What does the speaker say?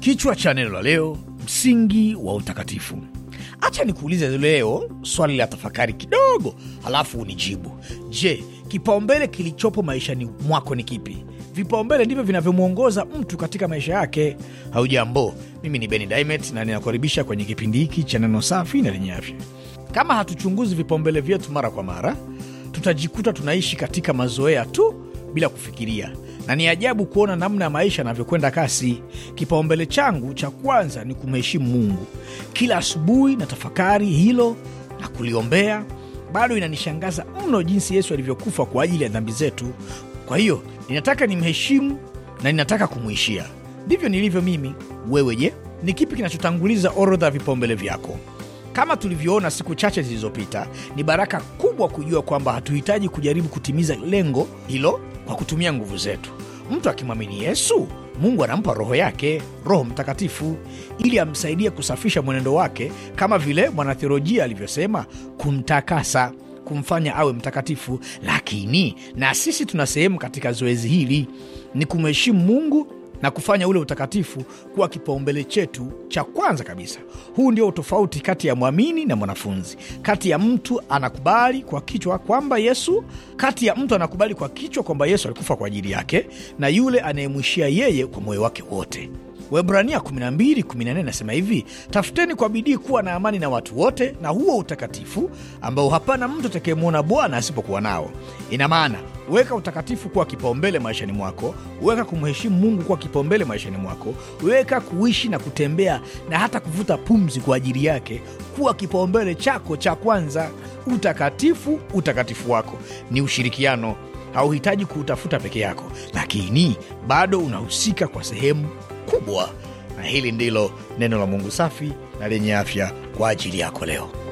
Kichwa cha neno la leo, msingi wa utakatifu. Acha nikuulize leo swali la tafakari kidogo, halafu unijibu. Je, kipaumbele kilichopo maishani mwako ni kipi? Vipaumbele ndivyo vinavyomwongoza mtu katika maisha yake. Haujambo, mimi ni Beni Dimet na ninakukaribisha kwenye kipindi hiki cha neno safi na lenye afya. Kama hatuchunguzi vipaumbele vyetu mara kwa mara, tutajikuta tunaishi katika mazoea tu bila kufikiria na ni ajabu kuona namna ya maisha yanavyokwenda kasi. Kipaumbele changu cha kwanza ni kumheshimu Mungu. Kila asubuhi na tafakari hilo na kuliombea. Bado inanishangaza mno jinsi Yesu alivyokufa kwa ajili ya dhambi zetu. Kwa hiyo ninataka nimheshimu na ninataka kumwishia. Ndivyo nilivyo mimi. Wewe je, ni kipi kinachotanguliza orodha ya vipaumbele vyako? Kama tulivyoona siku chache zilizopita, ni baraka kubwa kujua kwamba hatuhitaji kujaribu kutimiza lengo hilo kwa kutumia nguvu zetu. Mtu akimwamini Yesu, Mungu anampa roho yake, Roho Mtakatifu, ili amsaidie kusafisha mwenendo wake, kama vile mwanatheolojia alivyosema, kumtakasa kumfanya awe mtakatifu. Lakini na sisi tuna sehemu katika zoezi hili, ni kumheshimu Mungu na kufanya ule utakatifu kuwa kipaumbele chetu cha kwanza kabisa. Huu ndio utofauti kati ya mwamini na mwanafunzi, kati ya mtu anakubali kwa kichwa kwamba Yesu, kati ya mtu anakubali kwa kichwa kwamba Yesu alikufa kwa ajili yake na yule anayemwishia yeye kwa moyo wake wote. Waebrania 12:14 nasema hivi, tafuteni kwa bidii kuwa na amani na watu wote na huo utakatifu ambao hapana mtu atakayemwona Bwana asipokuwa nao. Ina maana weka utakatifu kuwa kipaumbele maishani mwako, weka kumheshimu Mungu kuwa kipaumbele maishani mwako, weka kuishi na kutembea na hata kuvuta pumzi kwa ajili yake kuwa kipaumbele chako cha kwanza. Utakatifu, utakatifu wako ni ushirikiano hauhitaji kuutafuta peke yako, lakini bado unahusika kwa sehemu kubwa. Na hili ndilo neno la Mungu safi na lenye afya kwa ajili yako leo.